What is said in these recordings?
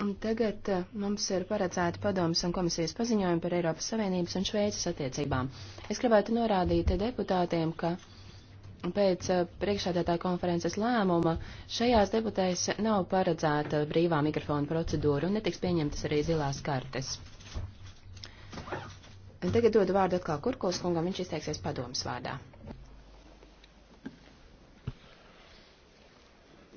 Un tagad eh, mums ir paredzēti padomas un komisijas paziņojumi par Eiropas Savienības un Šveices attiecībām. Es gribētu norādīt deputātiem, ka pēc eh, priekšādātāja konferences lēmuma šajās debatēs nav paredzēta brīvā mikrofona procedūra un netiks pieņemtas arī zilās kartes. Tagad dodu vārdu atkal Kurkuls kungam, viņš izteiksies padomas vārdā.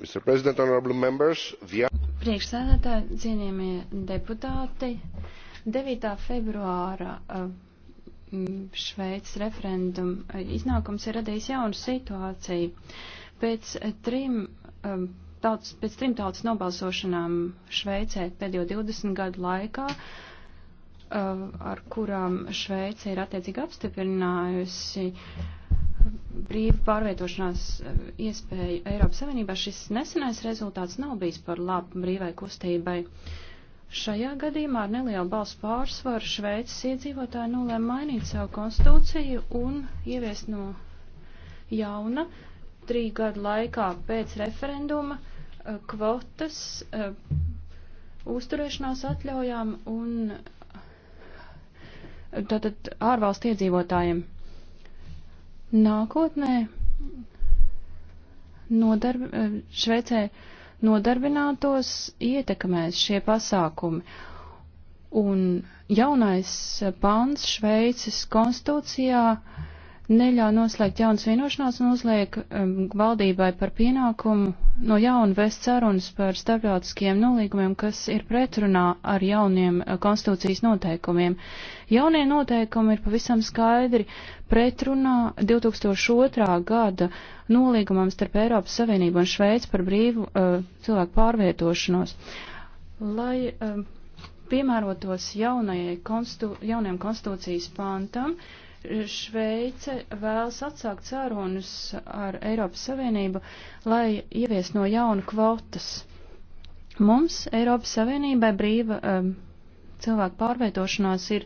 Mr. President, honorable members, the... Priekšsēdētāji, cienījamie deputāti, 9. februāra eh, Šveices referenduma eh, iznākums ir radījis jaunu situāciju. Pēc trim, eh, tautas, pēc trim tautas nobalsošanām Šveicē pēdējo 20 gadu laikā, ar kurām Šveice ir attiecīgi apstiprinājusi brīvu pārvietošanās eh, iespēju Eiropas Savienībā, šis nesenais rezultāts nav bijis par labu brīvai kustībai. Šajā gadījumā ar nelielu balsu pārsvaru Šveices iedzīvotāji nolēma mainīt savu konstitūciju un ieviest no jauna trī gadu laikā pēc referenduma eh, kvotas eh, uzturēšanās atļaujām un tātad ārvalstu iedzīvotājiem nākotnē nodarb eh, Šveicē nodarbinātos ietekmēs šie pasākumi. Un jaunais pāns Šveices konstitūcijā uh, neļauj noslēgt jaunas vienošanās un uzliek um, valdībai par pienākumu no jauna vest sarunas par starptautiskiem nolīgumiem, kas ir pretrunā ar jauniem uh, konstitūcijas noteikumiem. Jaunie noteikumi ir pavisam skaidri pretrunā 2002. gada nolīgumam starp Eiropas Savienību un Šveici par brīvu uh, cilvēku pārvietošanos. Lai uh, piemērotos jaunajai konstitū, jaunajam konstitūcijas pantam, uh, Šveice vēlas atsākt sārunas ar Eiropas Savienību, lai ievies no jauna kvotas. Mums Eiropas Savienībai brīva um, cilvēku pārvietošanās ir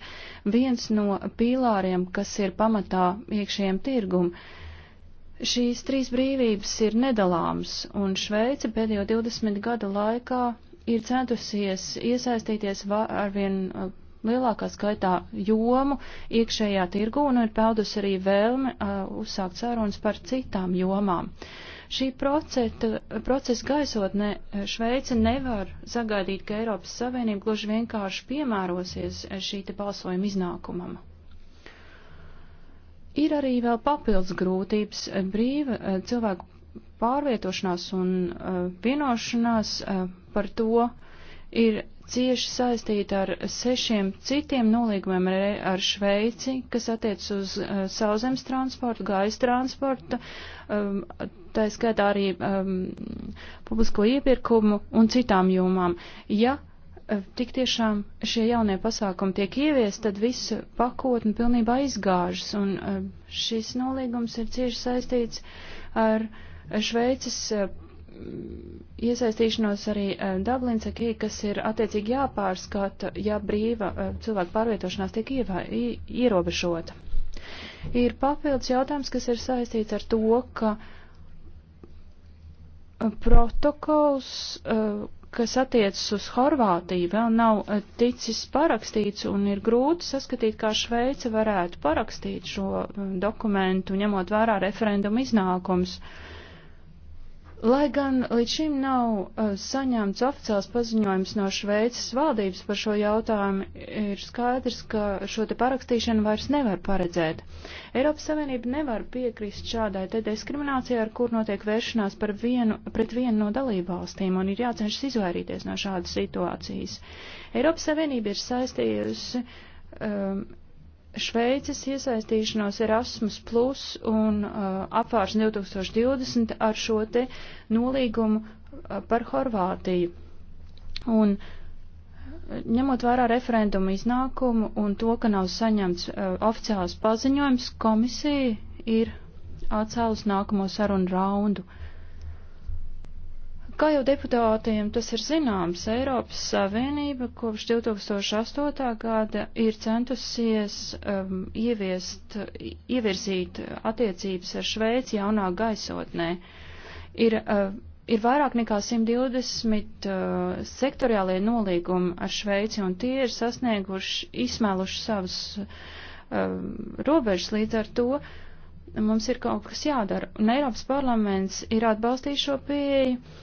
viens no pīlāriem, kas ir pamatā iekšējiem tirgumam. Šīs trīs brīvības ir nedalāmas, un Šveice pēdējo 20 gadu laikā ir centusies iesaistīties arvien uh, lielākā skaitā jomu iekšējā tirgu un ir peldus arī vēlme uh, uzsākt sarunas par citām jomām. Šī proceta, procesa gaisotnē ne, Šveice nevar sagaidīt, ka Eiropas Savienība gluži vienkārši piemērosies šī te balsojuma iznākumam. Ir arī vēl papildus grūtības brīva cilvēku pārvietošanās un uh, vienošanās uh, par to ir cieši saistīta ar sešiem citiem nolīgumiem ar, ar Šveici, kas attiec uz uh, sauzemes transportu, gaisa transportu, um, tā skaitā arī um, publisko iepirkumu un citām jomām. Ja uh, tik tiešām šie jaunie pasākumi tiek ievies, tad visu pakotni pilnībā izgāžas, un uh, šis nolīgums ir cieši saistīts ar Šveices uh, iesaistīšanos arī eh, Dublins akī, kas ir attiecīgi jāpārskata, ja brīva eh, cilvēku pārvietošanās tiek ievā, ierobežota. Ir papildus jautājums, kas ir saistīts ar to, ka eh, protokols, kas attiecas uz Horvātiju, vēl nav ticis parakstīts un ir grūti saskatīt, kā Šveice varētu parakstīt šo dokumentu, ņemot vērā referendumu iznākums. Uh, Lai gan līdz šim nav uh, saņemts oficiāls paziņojums no Šveices valdības par šo jautājumu, ir skaidrs, ka šo te parakstīšanu vairs nevar paredzēt. Eiropas Savienība nevar piekrist šādai te diskriminācijai, ar kur notiek vēršanās par vienu, pret vienu no dalībvalstīm, un ir jācenšas izvairīties no šādas situācijas. Eiropas Savienība ir saistījusi um, Šveices iesaistīšanos Erasmus Plus un uh, apvārs 2020 ar šo te nolīgumu uh, par Horvātiju. Un uh, ņemot vērā referendumu iznākumu un to, ka nav saņemts uh, oficiāls paziņojums, komisija ir atcēlus nākamo sarunu raundu. Uh, Kā jau deputātiem tas ir zināms, Eiropas Savienība kopš 2008. gada ir centusies um, ieviest, ievirzīt attiecības ar Šveici jaunā gaisotnē. Ir, uh, ir vairāk nekā 120 uh, sektoriālie nolīgumi ar Šveici, un tie ir sasnieguši, izsmēluši savus uh, um, robežas līdz ar to. Mums ir kaut kas jādara, un Eiropas parlaments ir atbalstījis šo pieeju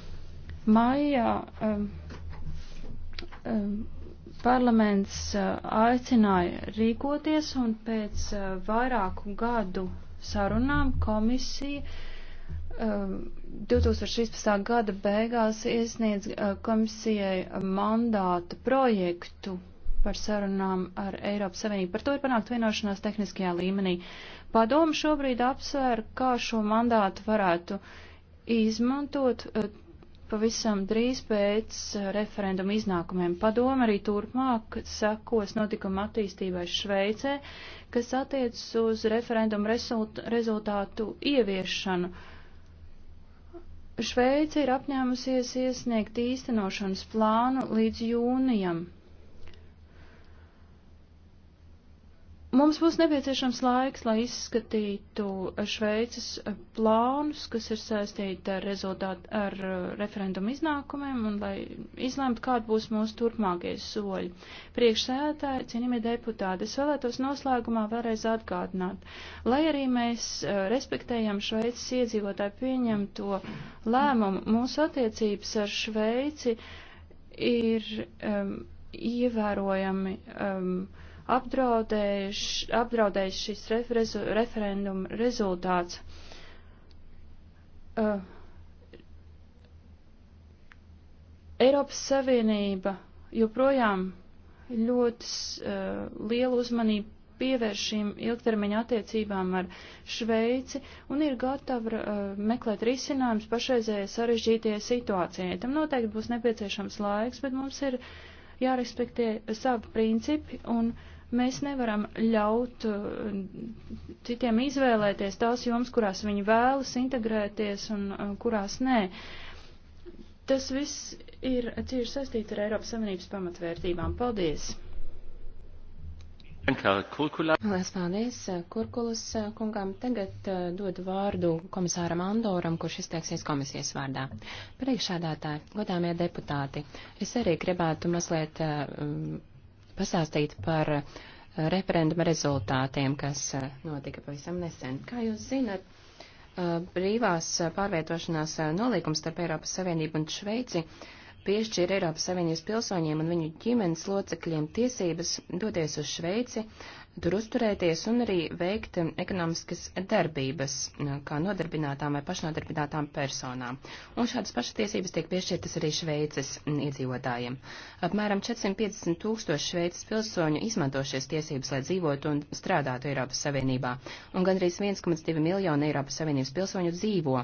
Maijā um, um, parlaments uh, aicināja rīkoties un pēc uh, vairāku gadu sarunām komisija uh, um, 2016. gada beigās iesniedz uh, komisijai mandāta projektu par sarunām ar Eiropas Savienību. Par to ir panākt vienošanās tehniskajā līmenī. Padomu šobrīd apsver, kā šo mandātu varētu izmantot uh, Pavisam drīz pēc uh, referenduma iznākumiem padoma arī turpmāk sekos notikuma attīstībai Šveicē, kas attiecas uz referenduma rezultātu ieviešanu. Šveice ir apņēmusies iesniegt īstenošanas plānu līdz jūnijam Mums būs nepieciešams laiks, lai izskatītu Šveices plānus, kas ir saistīti ar, rezultātu, ar uh, referendumu iznākumiem, un lai izlemtu, kāda būs mūsu turpmākie soļi. Priekšsēdētāji, cienījamie deputāti, es vēlētos noslēgumā vēlreiz atgādināt, lai arī mēs uh, respektējam Šveices iedzīvotāju pieņemto lēmumu, mūsu attiecības ar Šveici ir um, ievērojami. Um, apdraudējis šis ref, rezu, referenduma rezultāts. Uh, Eiropas Savienība joprojām ļoti uh, lielu uzmanību pievērš šīm ilgtermiņa attiecībām ar Šveici un ir gatava uh, meklēt risinājums pašreizējai sarežģītajai situācijai. Tam noteikti būs nepieciešams laiks, bet mums ir jārespektē savi principi un uh, Mēs nevaram ļaut uh, citiem izvēlēties tās jomas, kurās viņi vēlas integrēties un uh, kurās nē. Tas viss ir cieši saistīts ar Eiropas Savienības pamatvērtībām. Paldies! Lielas paldies uh, Kurkulas kungam. Tagad uh, dodu vārdu komisāram Andoram, kurš izteiksies komisijas vārdā. Priekšādātāji, godāmie deputāti, es arī gribētu mazliet uh, pastāstīt par eh, referenduma rezultātiem, kas eh, notika pavisam nesen. Kā jūs zinat, eh, brīvās pārvietošanās nolīgums starp Eiropas Savienību un Šveici piešķīra Eiropas Savienības pilsoņiem un viņu ģimenes locekļiem tiesības doties uz Šveici, uh, tur uzturēties un arī veikt um, ekonomiskas darbības, um, kā nodarbinātām vai pašnodarbinātām personām. Un šādas pašatiesības tiek piešķirtas arī Šveices um, iedzīvotājiem. Apmēram 450 tūkstoši Šveices pilsoņu izmanto šies tiesības, lai dzīvotu un strādātu Eiropas Savienībā, un gandrīz 1,2 miljonu Eiropas Savienības pilsoņu dzīvo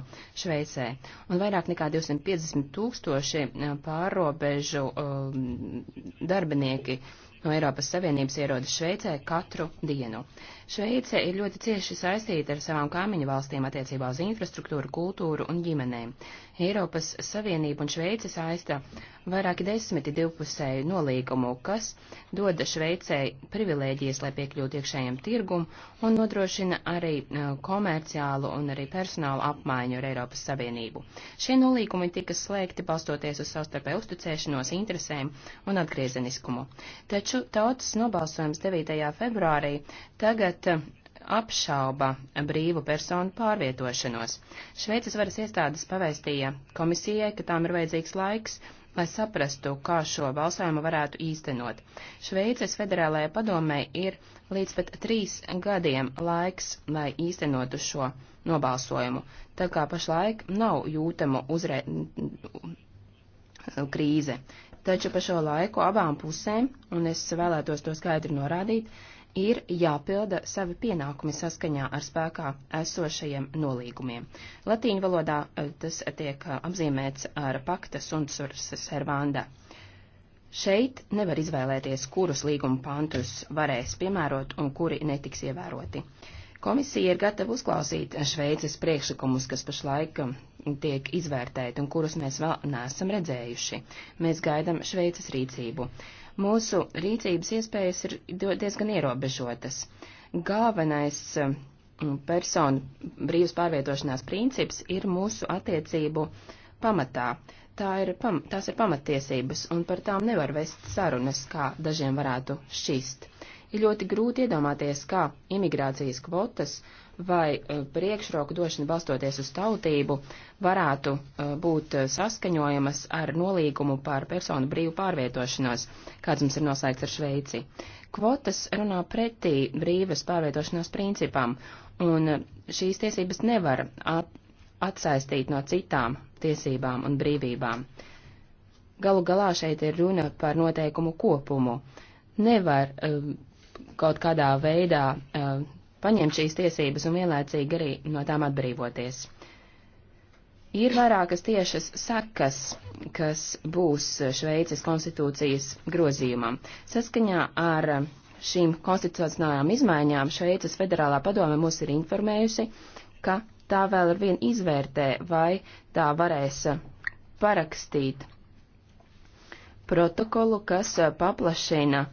Šveicē, un vairāk nekā 250 tūkstoši pārobežu um, darbinieki no Eiropas Savienības ierodas Šveicē katru dienu. Šveice ir ļoti cieši saistīta ar savām kaimiņu valstīm attiecībā uz infrastruktūru, kultūru un ģimenēm. Eiropas Savienība un Šveice saista vairāki desmiti divpusēju nolīgumu, kas dod Šveicei privilēģijas, lai piekļūtu iekšējiem tirgumu un nodrošina arī eh, komerciālu un arī personālu apmaiņu ar Eiropas Savienību. Šie nolīgumi tika slēgti balstoties uz savstarpēju uzticēšanos, interesēm un atgriezeniskumu. Taču Mūsu tautas nobalsojums 9. februārī tagad eh, apšauba brīvu personu pārvietošanos. Šveices varas iestādes pavēstīja komisijai, ka tām ir vajadzīgs laiks, lai saprastu, kā šo balsojumu varētu īstenot. Šveices federālajai padomē ir līdz pat trīs gadiem laiks, lai īstenotu šo nobalsojumu, tā kā pašlaik nav jūtama uzre... krīze taču pa šo laiku abām pusēm, un es vēlētos to skaidri norādīt, ir jāpilda savi pienākumi saskaņā ar spēkā esošajiem nolīgumiem. Latīņu valodā e, tas tiek e, apzīmēts ar pakta sunt servanda. Šeit nevar izvēlēties, kurus līguma pantus varēs piemērot un kuri netiks ievēroti. Komisija ir gatava uzklausīt Šveices priekšlikumus, kas pašlaik tiek izvērtēti un kurus mēs vēl neesam redzējuši. Mēs gaidam Šveices rīcību. Mūsu rīcības iespējas ir diezgan ierobežotas. Galvenais eh, personu brīvas pārvietošanās princips ir mūsu attiecību pamatā. Tā ir, pam, tās ir pamatiesības, un par tām nevar vest sarunas, kā dažiem varētu šķist. Ir ļoti grūti iedomāties, kā imigrācijas kvotas vai e, priekšroku došana balstoties uz tautību varētu e, būt e, saskaņojamas ar nolīgumu par personu brīvu pārvietošanos, kāds mums ir noslēgts ar Šveici. Kvotas runā pretī brīvas pārvietošanās principam, un šīs tiesības nevar atsaistīt no citām tiesībām un brīvībām. Galu galā šeit ir runa par noteikumu kopumu. Nevar kaut kādā veidā uh, paņemt šīs tiesības un vienlaicīgi arī no tām atbrīvoties. Ir vairākas tiešas sakas, kas būs Šveices konstitūcijas grozījumam. Saskaņā ar šīm konstitucionālajām izmaiņām Šveices federālā padome mūs ir informējusi, ka tā vēl ar vienu izvērtē, vai tā varēs parakstīt protokolu, kas paplašina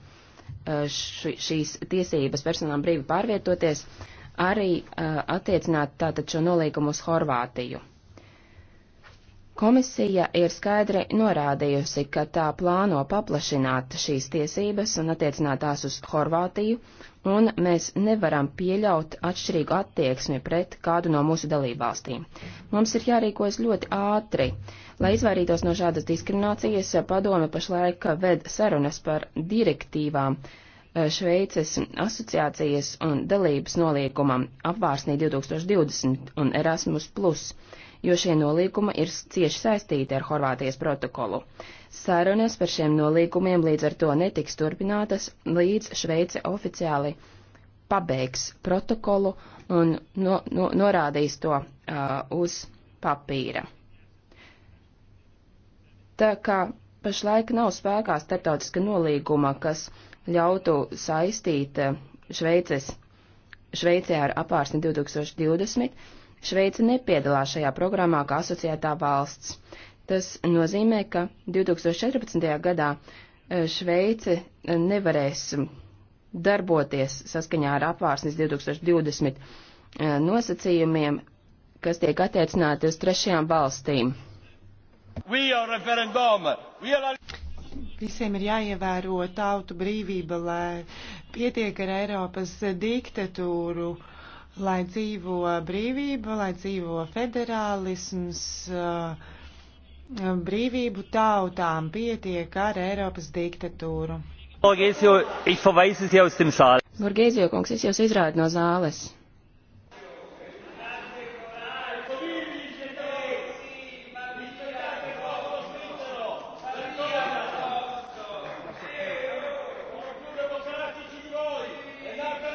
Uh, šīs tiesības personām brīvi pārvietoties arī uh, attiecināt tātad šo nolīgumu uz Horvātiju. Komisija ir skaidri norādījusi, ka tā plāno paplašināt šīs tiesības un attiecināt tās uz Horvātiju, un mēs nevaram pieļaut atšķirīgu attieksmi pret kādu no mūsu dalībvalstīm. Mums ir jārīkojas ļoti ātri. Lai izvairītos no šādas diskriminācijas, padome pašlaik ved sarunas par direktīvām eh, Šveices asociācijas un dalības noliekumam apvārsnī 2020 un Erasmus jo šie nolīguma ir cieši saistīti ar Horvātijas protokolu. Sarunas par šiem nolīgumiem līdz ar to netiks turpinātas, līdz Šveice oficiāli pabeigs protokolu un no, no, norādīs to uh, uz papīra. Tā kā pašlaik nav spēkā starptautiska nolīguma, kas ļautu saistīt Šveices, Šveicē ar apārsni 2020, Šveica nepiedalās šajā programmā kā asociētā valsts. Tas nozīmē, ka 2014. gadā e, Šveice e, nevarēs darboties saskaņā ar apvārsnes 2020 e, nosacījumiem, kas tiek attiecināti uz trešajām valstīm. Are... Visiem ir jāievēro tautu brīvība, lai pietiek ar Eiropas diktatūru. Uh, lai dzīvo brīvība, lai dzīvo federālisms, uh, brīvību tautām pietiek ar Eiropas diktatūru. Borgēzio kungs, es jūs izrādu no zāles.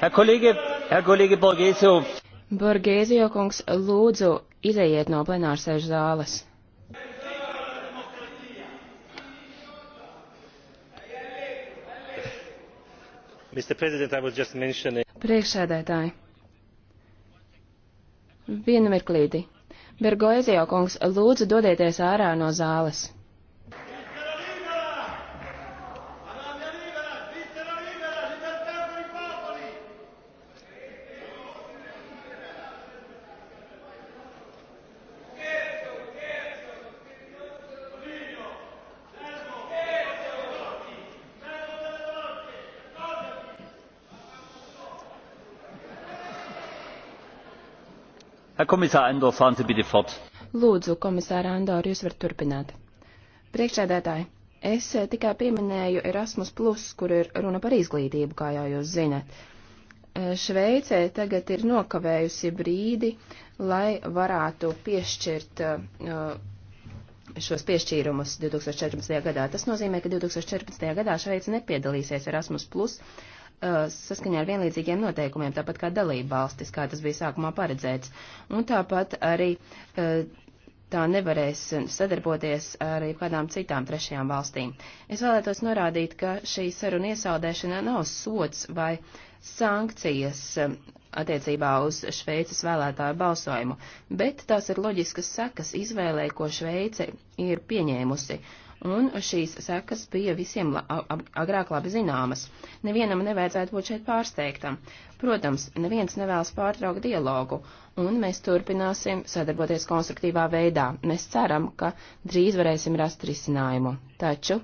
Herr kolēģi, Herr kolēģi Borgēzio. Borgēzio kungs, lūdzu, izejiet no plenārsēžu zāles. Priekšsēdētāji, vienu mirklīdi. Bergoezio kungs, lūdzu dodieties ārā no zāles. Komisār Andor, fānti bitte fort. Lūdzu, komisāra Andor, jūs varat turpināt. Priekšsēdētāji, es eh, tikai pieminēju Erasmus, kur ir runa par izglītību, kā jau jūs zinat. Eh, Šveicē tagad ir nokavējusi brīdi, lai varētu piešķirt eh, šos piešķīrumus 2014. gadā. Tas nozīmē, ka 2014. gadā Šveica nepiedalīsies Erasmus, Uh, saskaņā ar vienlīdzīgiem noteikumiem, tāpat kā dalība valstis, kā tas bija sākumā paredzēts. Un tāpat arī uh, tā nevarēs sadarboties ar kādām citām trešajām valstīm. Es vēlētos norādīt, ka šī saruna iesaldēšana nav sots vai sankcijas um, attiecībā uz Šveices vēlētāju balsojumu, bet tās ir loģiskas sekas izvēlē, ko Šveice ir pieņēmusi un šīs sekas bija visiem la agrāk labi zināmas. Nevienam nevajadzētu būt šeit pārsteigtam. Protams, neviens nevēlas pārtraukt dialogu, un mēs turpināsim sadarboties konstruktīvā veidā. Mēs ceram, ka drīz varēsim rast risinājumu. Taču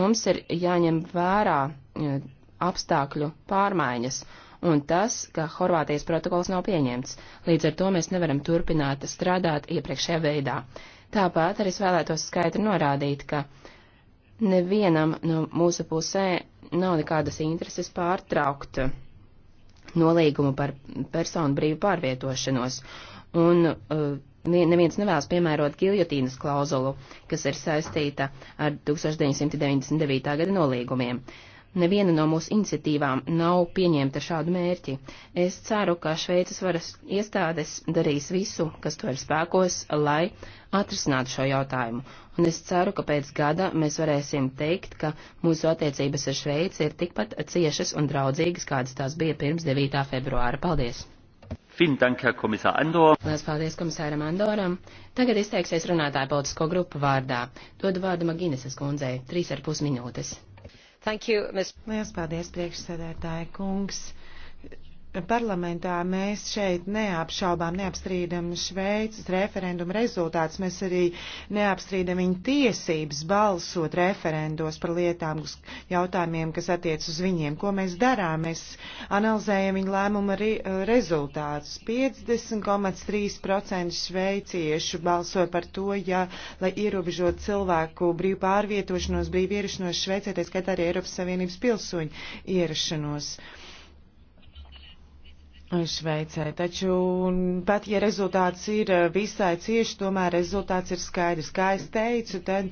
mums ir jāņem vērā e, apstākļu pārmaiņas un tas, ka Horvātijas protokols nav pieņemts. Līdz ar to mēs nevaram turpināt strādāt iepriekšējā veidā. Tāpat arī es vēlētos skaidri norādīt, ka nevienam no mūsu pusē nav nekādas intereses pārtraukt nolīgumu par personu brīvu pārvietošanos. Un uh, neviens nevēlas piemērot giljotīnas klauzulu, kas ir saistīta ar 1999. gada nolīgumiem neviena no mūsu iniciatīvām nav pieņemta šādu mērķi. Es ceru, ka Šveices varas iestādes darīs visu, kas to ir spēkos, lai atrisinātu šo jautājumu. Un es ceru, ka pēc gada mēs varēsim teikt, ka mūsu attiecības ar Šveici ir tikpat ciešas un draudzīgas, kādas tās bija pirms 9. februāra. Paldies! Lielas paldies komisāram Andoram. Tagad izteiksies runātāja politisko grupu vārdā. Dodu vārdu Magineses kundzei, trīs ar pus minūtes. Thank you, Ms. Liels paldies, priekšsēdētāja kungs parlamentā mēs šeit neapšaubām, neapstrīdam Šveices referendumu rezultātus. Mēs arī neapstrīdam viņu tiesības balsot referendos par lietām, uz jautājumiem, kas attiec uz viņiem. Ko mēs darām? Mēs analizējam viņu lēmumu arī rezultātus. 50,3% šveiciešu balsoja par to, ja, lai ierobežot cilvēku brīvu pārvietošanos, brīvu ierašanos Šveicē, tā skaitā arī Eiropas Savienības pilsoņu ierašanos. Uh, Šveicē. Taču pat, ja rezultāts ir eh, visai cieši, tomēr rezultāts ir skaidrs. Kā es teicu, tad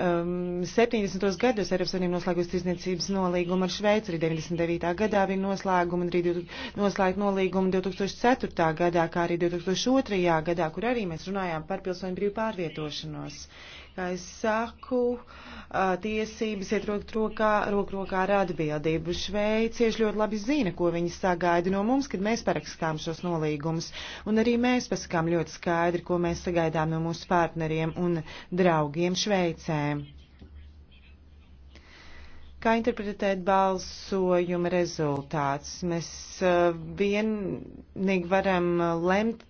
um, 70. gados Eiropas Savienība noslēgusi tirzniecības nolīgumu ar Šveici, arī 99. gadā bija noslēguma, un arī noslēgt nolīgumu 2004. gadā, kā arī 2002. gadā, kur arī mēs runājām par pilsoņu brīvu pārvietošanos. Kā es saku, tiesības iet rok rokā, rok rokā ar atbildību. Šveicieši ļoti labi zina, ko viņi sagaida no mums, kad mēs parakstām šos nolīgumus. Un arī mēs pasakām ļoti skaidri, ko mēs sagaidām no mūsu partneriem un draugiem Šveicē. Kā interpretēt balsojuma rezultāts? Mēs vienīgi varam lemt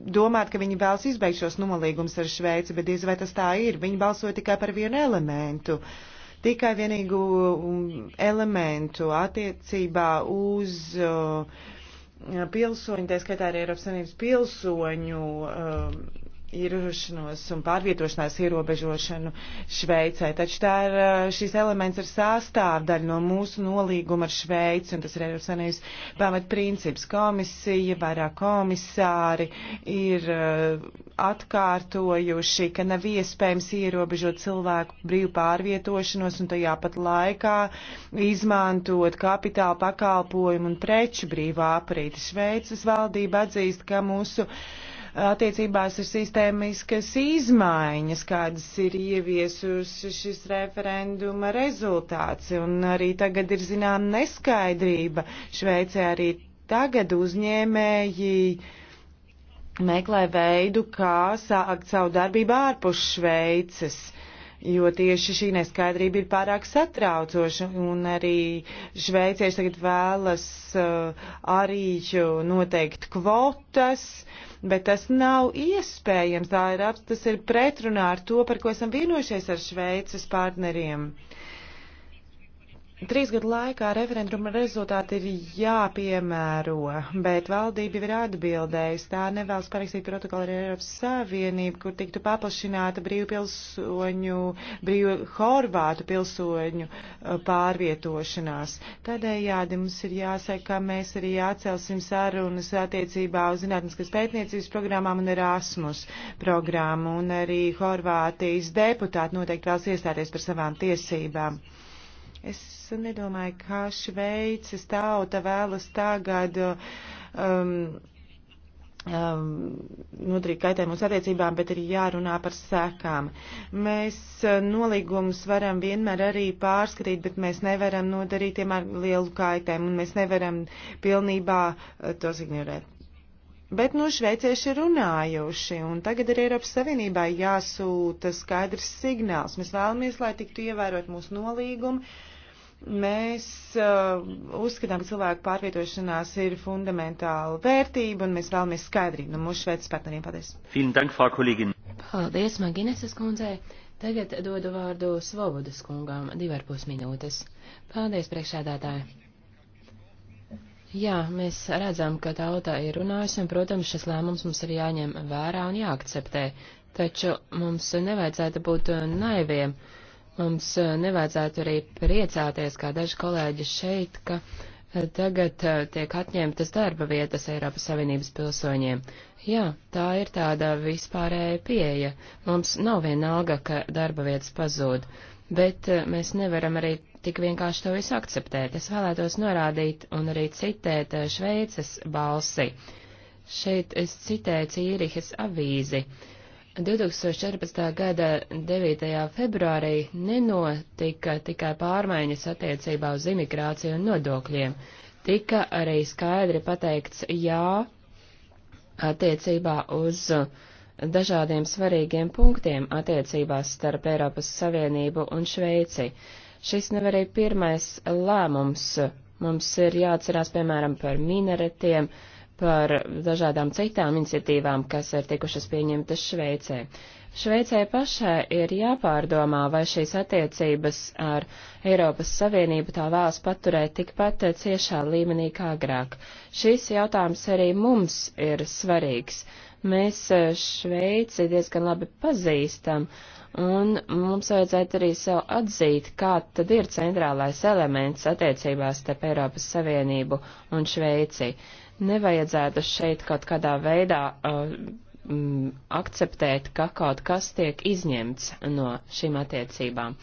domāt, ka viņi vēlas izbeigt šos nomalīgumus ar Šveici, bet diez vai tas tā ir. Viņi balsoja tikai par vienu elementu. Tikai vienīgu um, elementu attiecībā uz uh, pilsoņu, tā skaitā arī Eiropas Savienības pilsoņu. Uh, ierošanos un pārvietošanās ierobežošanu Šveicē. Taču tā ir, šis elements ir sastāvdaļa no mūsu nolīguma ar Šveici, un tas ir Eiropas Savienības pamatprincips. Komisija, vairāk komisāri ir atkārtojuši, ka nav iespējams ierobežot cilvēku brīvu pārvietošanos un tajā pat laikā izmantot kapitāla pakalpojumu un preču brīvā aprīti. Šveicas valdība atzīst, ka mūsu uh, attiecībās ir sistēmiskas izmaiņas, kādas ir ieviesusi šis referenduma rezultāts. Un arī tagad ir zinām neskaidrība. Šveicē arī tagad uzņēmēji meklē veidu, kā sākt savu darbību ārpus Šveices. Uh, jo tieši šī neskaidrība ir pārāk satraucoša, un arī šveicieši tagad vēlas uh, arī noteikt kvotas, bet tas nav iespējams, tā ir, tas ir pretrunā ar to, par ko esam vienojušies ar Šveices partneriem. Uh, Trīs gadu laikā referenduma rezultāti ir jāpiemēro, bet valdība jau ir atbildējusi. Tā nevēlas parakstīt protokolu ar Eiropas Savienību, kur tiktu paplašināta brīvu pilsoņu, brīvu horvātu pilsoņu uh, pārvietošanās. Tādējādi mums ir jāsaka, ka mēs arī atcelsim sarunas attiecībā uz zinātniskas pētniecības programmām un Erasmus programmu, un arī Horvātijas deputāti noteikti vēlas iestāties par savām tiesībām. Es nedomāju, kā Šveices tauta vēlas tagad um, um, nodarīt kaitējumu mūsu attiecībām, bet ir jārunā par sekām. Mēs uh, nolīgumus varam vienmēr arī pārskatīt, bet mēs nevaram nodarīt tiem ar lielu kaitējumu un mēs nevaram pilnībā uh, tos ignorēt. Bet nu šveicieši ir runājuši, un tagad ir Eiropas Savienībai jāsūta skaidrs signāls. Mēs vēlamies, lai tiktu ievērot mūsu nolīgumu Mēs uh, uzskatām, ka cilvēku pārvietošanās ir fundamentāla vērtība, un mēs vēlamies skaidrību no mūsu šveicis partneriem. Paldies! Paldies, Magineses kundzei! Tagad dodu vārdu Svobodas kungām divarpus minūtes. Paldies, priekšādātāji! Jā, mēs redzam, ka tauta ir runājusi, un, protams, šis lēmums mums ir jāņem vērā un jāakceptē, taču mums nevajadzētu būt naiviem. Uh, Mums e, nevajadzētu arī priecāties, kā daži kolēģi šeit, ka e, tagad e, tiek atņemtas darba vietas Eiropas Savienības pilsoņiem. Jā, tā ir tāda vispārēja pieeja. Mums nav vienalga, ka darba vietas pazūd, bet mēs nevaram arī tik vienkārši to visu akceptēt. Es vēlētos norādīt un arī citēt Šveices balsi. Šeit es citēju Cīrihas avīzi. 2014. gada 9. februārī nenotika tikai pārmaiņas attiecībā uz imigrāciju un nodokļiem, tika arī skaidri pateikts jā attiecībā uz dažādiem svarīgiem punktiem attiecībās starp Eiropas Savienību un Šveici. Šis nav arī pirmais lēmums. Mums ir jāatcerās, piemēram, par minaretiem, uh, par dažādām citām iniciatīvām, kas ir tikušas pieņemtas Šveicē. Šveicē pašai ir jāpārdomā, vai šīs attiecības ar Eiropas Savienību tā vēlas paturēt tikpat ciešā līmenī kā agrāk. Šis jautājums arī mums ir svarīgs mēs e, Šveici diezgan labi pazīstam, un mums vajadzētu arī sev atzīt, kā tad ir centrālais elements attiecībās starp Eiropas Savienību un Šveici. Nevajadzētu šeit kaut kādā veidā uh, m, akceptēt, ka kaut kas tiek izņemts no šīm attiecībām.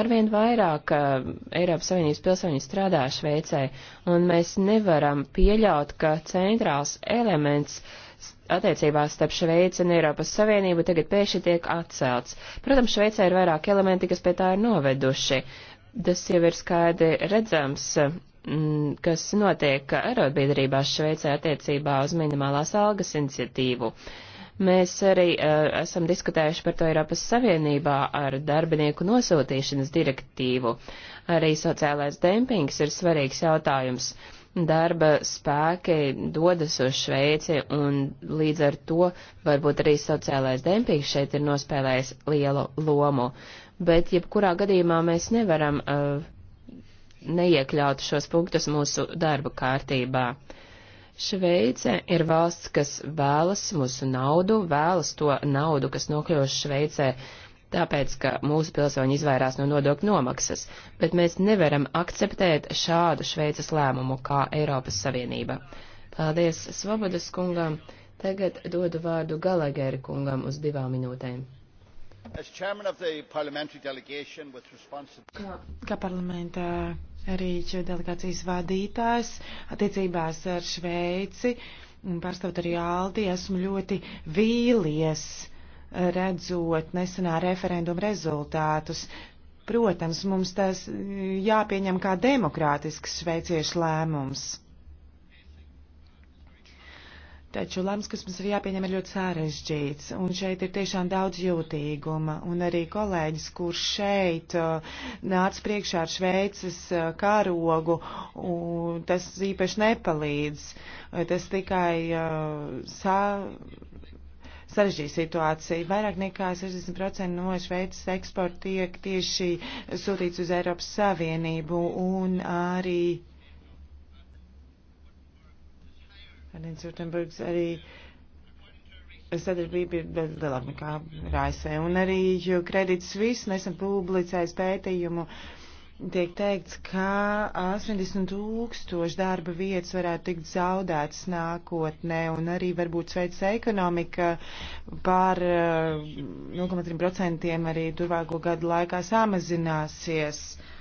Arvien vairāk uh, Eiropas Savienības pilsoņi strādā Šveicē, un mēs nevaram pieļaut, ka centrāls elements uh, attiecībās starp Šveici un Eiropas Savienību tagad pēkšņi tiek atcelts. Protams, Šveicē ir vairāk elementi, kas pie tā ir noveduši. Tas jau ir skaidri redzams, mm, kas notiek arotbiedrībās Šveicē attiecībā uz minimālās algas iniciatīvu. Mēs arī uh, esam diskutējuši par to Eiropas Savienībā ar darbinieku nosūtīšanas direktīvu. Arī sociālais dempings ir svarīgs jautājums. Uh, darba spēki dodas uz Šveici, un līdz ar to varbūt arī sociālais dempings šeit ir nospēlējis lielu lomu. Bet jebkurā gadījumā mēs nevaram uh, neiekļaut šos punktus mūsu darba kārtībā. Šveice ir valsts, kas vēlas mūsu naudu, vēlas to naudu, kas nokļūst Šveicē tāpēc, ka mūsu pilsoņi izvairās no nodokļu nomaksas, bet mēs nevaram akceptēt šādu Šveices lēmumu kā Eiropas Savienība. Paldies Svobodas kungam, tagad dodu vārdu Galagēri kungam uz divām minūtēm. Kā parlamenta rīču delegācijas vadītājs attiecībās ar Šveici un pārstāvot arī Aldi, esmu ļoti vīlies redzot nesenā referenduma rezultātus. Protams, mums tas jāpieņem kā demokrātisks šveiciešu lēmums. Taču lēmums, kas mums ir jāpieņem, ir ļoti sarežģīts, un šeit ir tiešām daudz jūtīguma, un arī kolēģis, kurš šeit uh, nāca priekšā ar Šveices uh, karogu, tas īpaši nepalīdz, tas tikai uh, sa sarežģīja situāciju. Vairāk nekā 60% no Šveices eksporta tiek tieši sūtīts uz Eiropas Savienību un arī. arī sadarbība ir lielāka nekā RASE un arī kredīts viss nesen publicējas pētījumu. Uh, tiek teikts, ka 80 tūkstoši darba vietas varētu tikt zaudētas nākotnē un arī varbūt sveicis ekonomika pār 0,3% eh, arī turvāko gadu laikā samazināsies. Uh,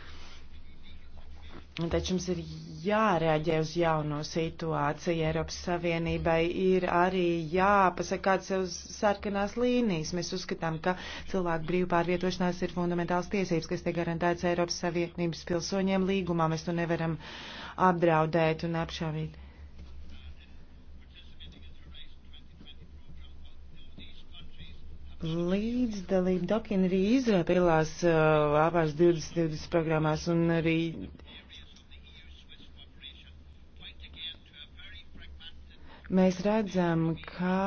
Taču mums ir jārēģē uz jauno situāciju. Eiropas Savienībai ir arī jāpasaka, kāds ir sarkanās līnijas. Mēs uzskatām, ka cilvēku brīvu pārvietošanās ir fundamentāls tiesības, kas tiek garantēts Eiropas Savienības pilsoņiem līgumā. Mēs to nevaram apdraudēt un apšaubīt. Līdzdalība Dokina arī Izrēpilās uh, abās 2020 programmās un arī Mēs redzam, ka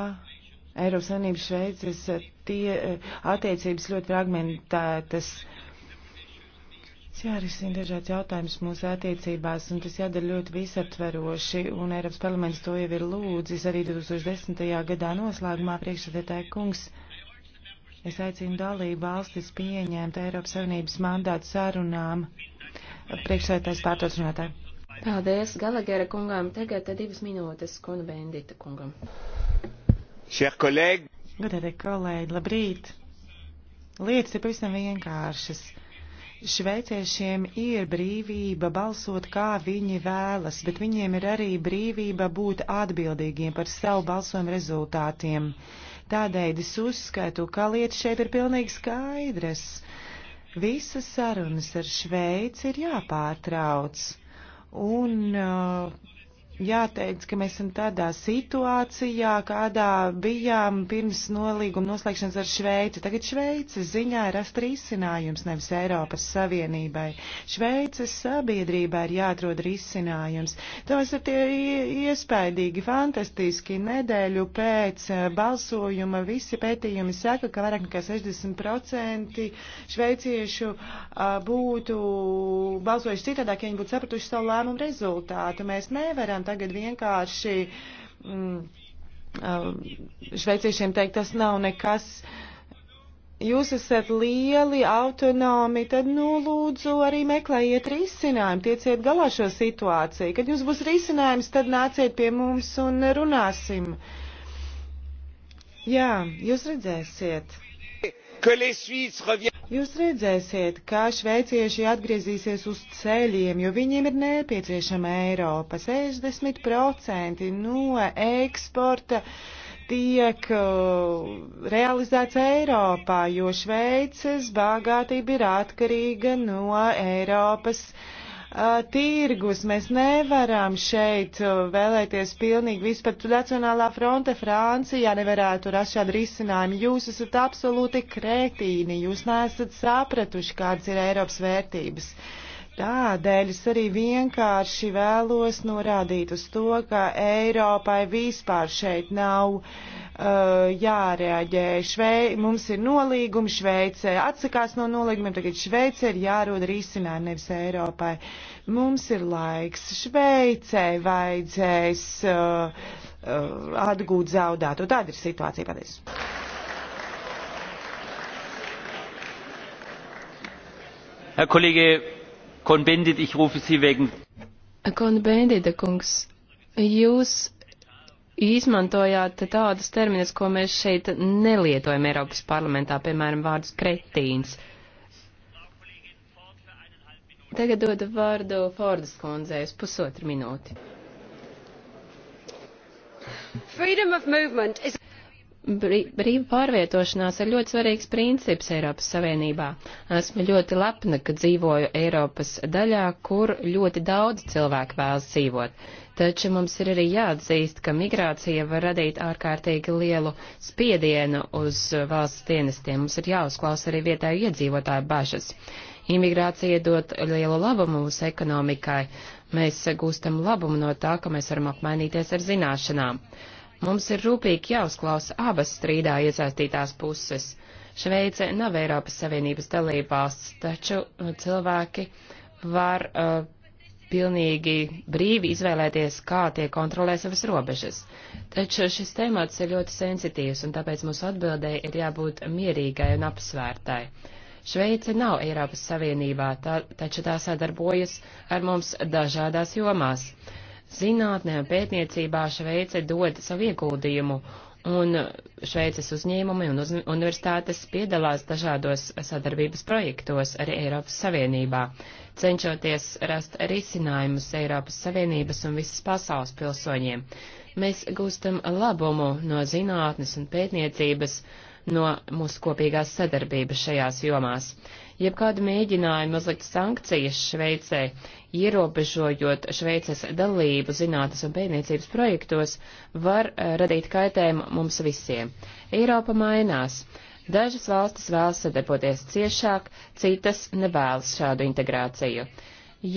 Eiropas Savienības Šveices tie attiecības ļoti fragmentētas. Jārisina dažāds jautājums mūsu attiecībās, un tas jādara ļoti visaptveroši, un Eiropas parlaments to jau ir lūdzis arī 2010. gadā noslēgumā priekšsēdētāja kungs. Es aicinu dalību valstis pieņemt Eiropas Savienības mandātu sarunām priekšsēdētājs pārtotrunātāji. Paldies Galagera kungām. Tagad divas minūtes Kona Bendita kungam. Šie kolēģi. Godātie kolēģi, labrīt! Lietas ir pavisam vienkāršas. Šveiciešiem ir brīvība balsot, kā viņi vēlas, bet viņiem ir arī brīvība būt atbildīgiem par savu balsojumu rezultātiem. Tādēļ es uzskatu, ka lietas šeit ir pilnīgi skaidras. Visas sarunas ar Šveici ir jāpārtrauc un uh, jāteic, ka mēs esam tādā situācijā, kādā bijām pirms nolīguma noslēgšanas ar Šveici. Tagad Šveices ziņā ir rast risinājums, nevis Eiropas Savienībai. Šveices sabiedrībā ir jāatrod risinājums. Tos ir tie iespaidīgi, fantastiski. Nedēļu pēc eh, balsojuma visi pētījumi saka, ka vairāk nekā 60% šveiciešu eh, būtu balsojuši citādāk, ja viņi būtu sapratuši savu lēmumu rezultātu. Mēs nevaram nevaram tagad vienkārši mm, um, šveiciešiem teikt, tas nav nekas. Jūs esat lieli, autonomi, tad nu lūdzu arī meklējiet risinājumu, tieciet galā šo situāciju. Kad jums būs risinājums, tad nāciet pie mums un runāsim. Jā, jūs redzēsiet. Jūs redzēsiet, kā šveicieši atgriezīsies uz ceļiem, jo viņiem ir nepieciešama Eiropa. 60% no eksporta tiek uh, realizēts Eiropā, jo Šveices bagātība ir atkarīga no Eiropas. Uh, tirgus. Mēs nevaram šeit vēlēties pilnīgi visu pat Nacionālā fronte Francijā nevarētu rast šādu risinājumu. Jūs esat absolūti kretīni, jūs neesat sapratuši, kādas ir Eiropas vērtības. Uh, Tādēļ es arī vienkārši vēlos norādīt uz to, ka Eiropai vispār šeit nav uh, jārēģē. Švei, mums ir nolīgumi, Šveice atsakās no nolīgumiem, tagad Šveice ir jārod risinājumi, nevis Eiropai. Mums ir laiks. Šveicei vajadzēs uh, uh, atgūt zaudēto. Tāda ir situācija. Paldies! Herr Kollege Konbendit, ich rufe Sie wegen. Konbendita kungs, jūs izmantojāt tādas terminus, ko mēs šeit nelietojam Eiropas parlamentā, piemēram, vārdus kretīns. Tagad dodu vārdu Fordas kundzei uz pusotru minūti. Freedom of movement is Brīva pārvietošanās ir ļoti svarīgs princips Eiropas Savienībā. Esmu ļoti lepna, ka dzīvoju Eiropas daļā, kur ļoti daudz cilvēku vēlas dzīvot. Taču mums ir arī jāatzīst, ka migrācija var radīt ārkārtīgi lielu spiedienu uz valsts dienestiem. Mums ir jāuzklausa arī vietēju iedzīvotāju bažas. Imigrācija dod lielu labumu mūsu ekonomikai. Mēs gūstam labumu no tā, ka mēs varam apmainīties ar zināšanām. Mums ir rūpīgi jāuzklausa abas strīdā iesaistītās puses. Šveice nav Eiropas Savienības dalībvalsts, taču uh, cilvēki var uh, pilnīgi brīvi izvēlēties, kā tie kontrolē savas robežas. Taču šis temats ir ļoti sensitīvs, un tāpēc mūsu atbildēji ir jābūt mierīgai un apsvērtai. Šveice nav Eiropas Savienībā, tā, taču tā sadarbojas ar mums dažādās jomās. Zinātnē un pētniecībā Šveice dod savu ieguldījumu, un Šveices uzņēmumi un uz, universitātes piedalās dažādos sadarbības projektos arī Eiropas Savienībā, cenšoties rast risinājumus Eiropas Savienības un visas pasaules pilsoņiem. Mēs gūstam labumu no zinātnes un pētniecības, no mūsu kopīgās sadarbības šajās jomās. Jebkāda mēģinājuma uzlikt sankcijas Šveicē, ierobežojot Šveices dalību zinātnes un pētniecības projektos, var eh, radīt kaitējumu mums visiem. Eiropa mainās. Dažas valstis vēlas sadarboties ciešāk, citas nevēlas šādu integrāciju.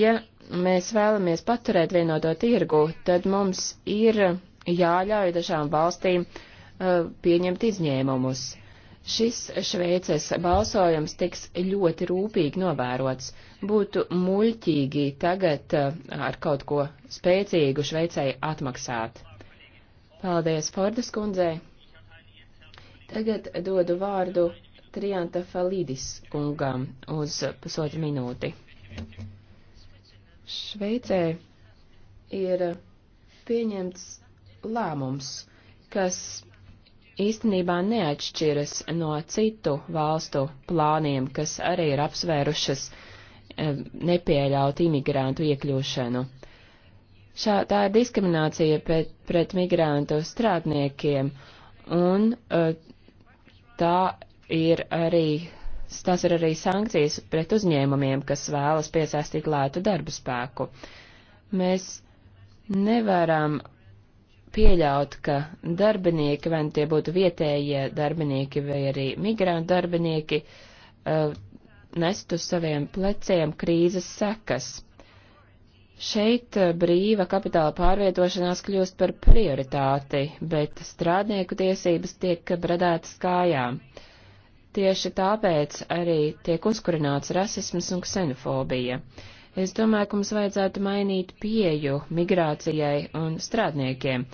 Ja mēs vēlamies paturēt vienoto tirgu, tad mums ir eh, jāļauj dažām valstīm uh, pieņemt izņēmumus. Šis Šveices balsojums tiks ļoti rūpīgi novērots. Būtu muļķīgi tagad eh, ar kaut ko spēcīgu Šveicai atmaksāt. Paldies Fordas kundzei. Tagad dodu vārdu Trianta Falidis kungam uz pusotru minūti. Šveicē ir pieņemts lēmums, kas īstenībā neatšķiras no citu valstu plāniem, kas arī ir apsvērušas eh, nepieļaut imigrantu iekļūšanu. Šā, tā ir diskriminācija pret, pret migrantu strādniekiem, un eh, tā ir arī, tas ir arī sankcijas pret uzņēmumiem, kas vēlas piesaistīt lētu darba spēku. Mēs nevaram pieļaut, ka darbinieki, vai nu tie būtu vietējie darbinieki vai arī migrantu darbinieki, uh, nest uz saviem pleciem krīzes sekas. Šeit uh, brīva kapitāla pārvietošanās kļūst par prioritāti, bet strādnieku tiesības tiek bradētas kājām. Tieši tāpēc arī tiek uzkurināts rasisms un ksenofobija. Uh, Es domāju, ka mums vajadzētu mainīt pieju migrācijai un strādniekiem.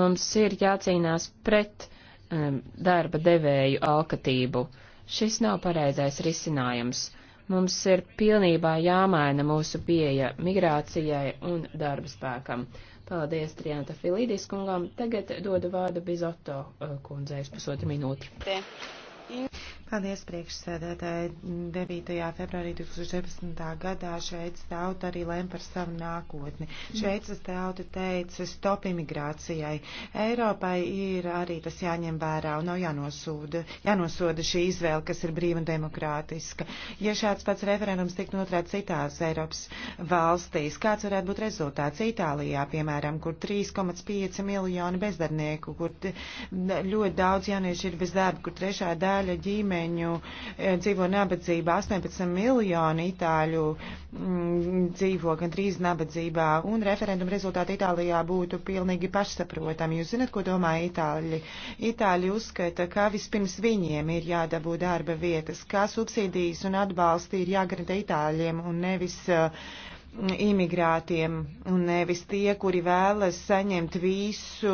Mums ir jācīnās pret um, darba devēju alkatību. Šis nav pareizais risinājums. Mums ir pilnībā jāmaina mūsu pieeja migrācijai un darba spēkam. Paldies Trianta Filīdis kungam. Tagad dodu vārdu Bizoto uh, kundzei uz pusotru minūti. Te. Paldies, priekšsēdētāji. 9. februārī 2017. gadā Šveices tauta arī lēma par savu nākotni. Šveices tauta teica stop imigrācijai. Eiropai ir arī tas jāņem vērā un nav jānosūda, jānosoda šī izvēle, kas ir brīva un demokrātiska. Ja šāds pats referendums tiktu noturēt citās Eiropas valstīs, kāds varētu būt rezultāts Itālijā, piemēram, kur 3,5 miljoni bezdarnieku, kur ļoti daudz jaunieši ir bez darba, kur trešā darba daļa ģimeņu e, dzīvo nabadzībā, 18 miljoni itāļu m, mm, dzīvo gan trīs nabadzībā, un referenduma rezultāti Itālijā būtu pilnīgi pašsaprotami. Jūs zinat, ko domā Itāļi? Itāļi uzskata, ka vispirms viņiem ir jādabū darba vietas, kā subsīdijas un atbalsti ir jāgarantē Itāļiem un nevis uh, imigrātiem un nevis tie, kuri vēlas saņemt visu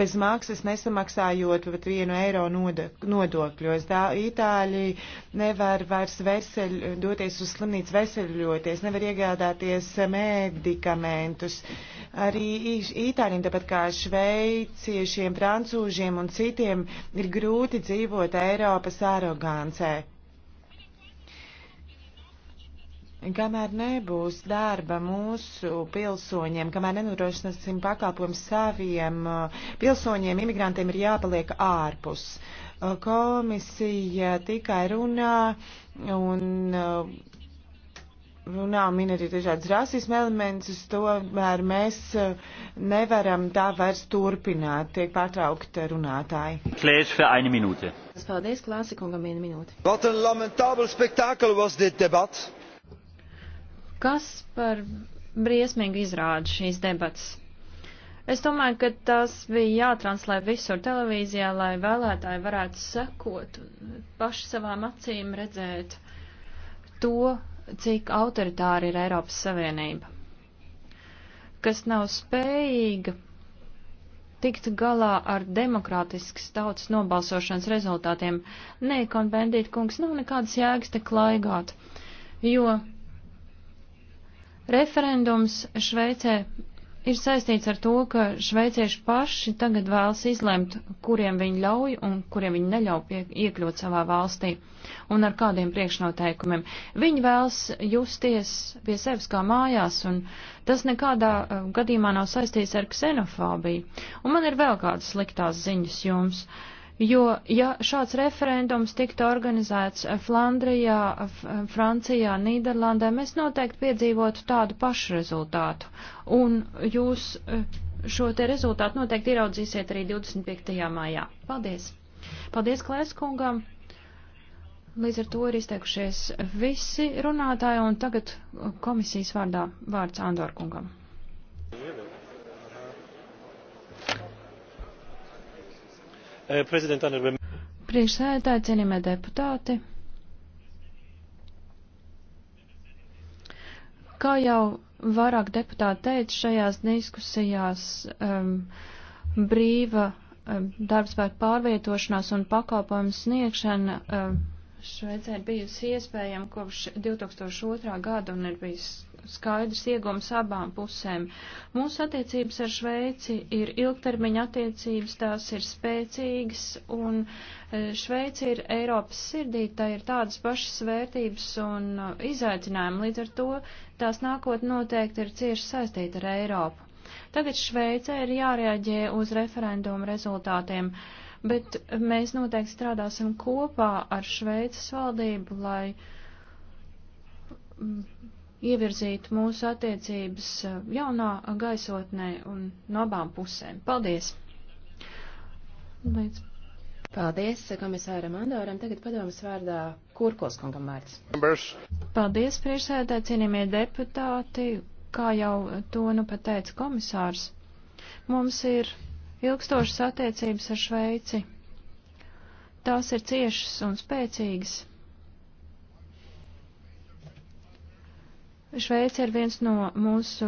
bez maksas, nesamaksājot pat vienu eiro nodokļos. Tā Itāļi nevar vairs veseļ, doties uz slimnīcu veseļoties, nevar iegādāties medikamentus. Arī Itāļiem, tāpat kā šveiciešiem, francūžiem un citiem, ir grūti dzīvot Eiropas arogancē. Kamēr nebūs darba mūsu pilsoņiem, kamēr nenodrošināsim pakalpojumu saviem uh, pilsoņiem, imigrantiem ir jāpaliek ārpus. Uh, komisija tikai runā un uh, runā min arī dažādas rasisma elementus, tomēr mēs nevaram tā vairs turpināt, tiek pārtraukta runātāji. Klēš par vienu minūti. Paldies, klāsikungam, vienu minūti. Wat een lamentabel spektakel was dit debat. Kas par briesmīgi izrāda šīs debatas? Es domāju, ka tas bija jātranslē visur televīzijā, lai vēlētāji varētu sekot un paši savām acīm redzēt to, cik autoritāri ir Eiropas Savienība, kas nav spējīga tikt galā ar demokrātiskas tautas nobalsošanas rezultātiem. Nē, konbendīt kungs, nav nekādas jēgas te klaigāt, jo Referendums Šveicē ir saistīts ar to, ka šveicieši paši tagad vēlas izlemt, kuriem viņi ļauj un kuriem viņi neļauj pie, iekļūt savā valstī un ar kādiem priekšnoteikumiem. Viņi vēlas justies pie sevis kā mājās, un tas nekādā uh, gadījumā nav saistīts ar ksenofobiju. Un man ir vēl kādas sliktās ziņas jums. Uh, Jo, ja šāds referendums tiktu organizēts Flandrijā, Francijā, Nīderlandē, mēs noteikti piedzīvotu tādu pašu rezultātu. Un jūs e, šo te rezultātu noteikti ieraudzīsiet arī 25. maijā. Paldies! Paldies Klēskungam! Līdz ar to ir izteikušies visi runātāji, un tagad komisijas vārdā vārds Andorkungam. Eh, Priekšsēdētāji, cienījamie deputāti. Kā jau vairāk deputāti teica, šajās diskusijās um, brīva um, darbspēka pārvietošanās un pakalpojumu sniegšana um, Šveicē ir bijusi iespējama kopš 2002. gada un ir bijis skaidrs iegums abām pusēm. Mūsu attiecības ar Šveici ir ilgtermiņa attiecības, tās ir spēcīgas, un e, Šveici ir Eiropas sirdī, tā ir tādas pašas vērtības un e, izaicinājumi, līdz ar to tās nākotnē noteikti ir cieši saistīta ar Eiropu. Tagad Šveicē ir jārēģē uz referendumu rezultātiem bet mēs noteikti strādāsim kopā ar Šveicas valdību, lai ievirzīt mūsu attiecības eh, jaunā gaisotnē un no abām pusēm. Paldies! Līdz. Paldies eh, komisāram Andoram. Tagad padomas vārdā Kurkos kungam vārds. Paldies, priekšsēdē, cienījamie deputāti. Kā jau to nu pat teica komisārs, mums ir ilgstošas attiecības ar Šveici. Tās ir ciešas un spēcīgas. Šveice ir viens no mūsu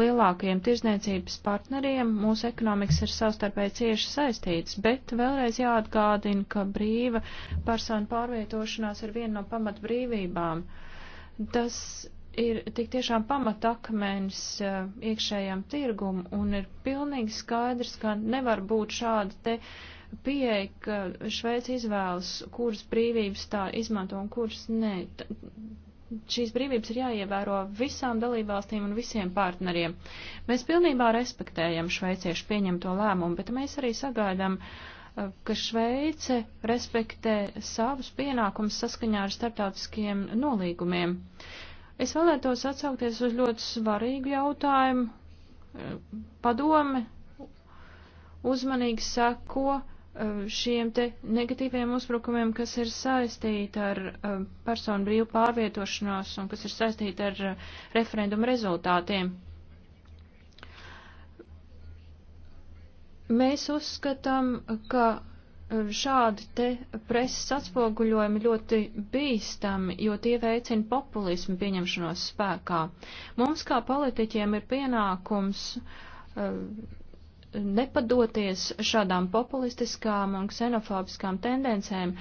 lielākajiem tirzniecības partneriem, mūsu ekonomikas ir savstarpēji cieši saistītas, bet vēlreiz jāatgādina, ka brīva persona pārvietošanās ir viena no pamat brīvībām. Tas ir tik tiešām pamatakmenis e, iekšējām tirgumu un ir pilnīgi skaidrs, ka nevar būt šāda te pieeja, ka Šveica izvēlas, kuras brīvības tā izmanto un kuras nē šīs brīvības ir jāievēro visām dalībvalstīm un visiem partneriem. Mēs pilnībā respektējam šveiciešu pieņemto lēmumu, bet mēs arī sagaidām, uh, ka Šveice respektē savus pienākumus saskaņā ar starptautiskiem nolīgumiem. Es vēlētos atsaukties uz ļoti svarīgu jautājumu. Uh, Padome uzmanīgi seko Um, šiem te negatīviem uzbrukumiem, kas ir saistīti ar um, personu brīvu pārvietošanos un kas ir saistīti ar uh, referendumu rezultātiem. Mēs uzskatām, ka um, šādi te preses atspoguļojumi ļoti bīstami, jo tie veicina populismu pieņemšanos spēkā. Mums kā politiķiem ir pienākums uh, nepadoties šādām populistiskām un ksenofobiskām tendencēm.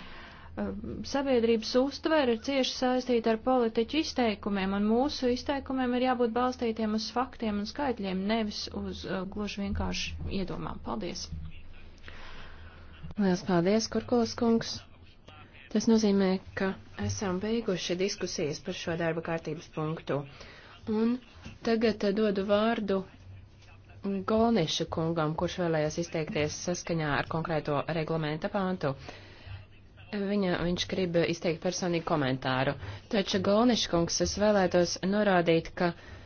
Eh, sabiedrības uztvere ir cieši saistīta ar politiķu izteikumiem, un mūsu izteikumiem ir jābūt balstītiem uz faktiem un skaitļiem, nevis uz uh, gluži vienkārši iedomām. Paldies! Lielas paldies, Kurkulas kungs! Tas nozīmē, ka esam beiguši diskusijas par šo darba kārtības punktu. Un tagad eh, dodu vārdu Golniša kungam, kurš vēlējās izteikties saskaņā ar konkrēto reglamenta pāntu. Viņa, viņš grib izteikt personīgu komentāru. Taču Golniša kungs, es vēlētos norādīt, ka uh,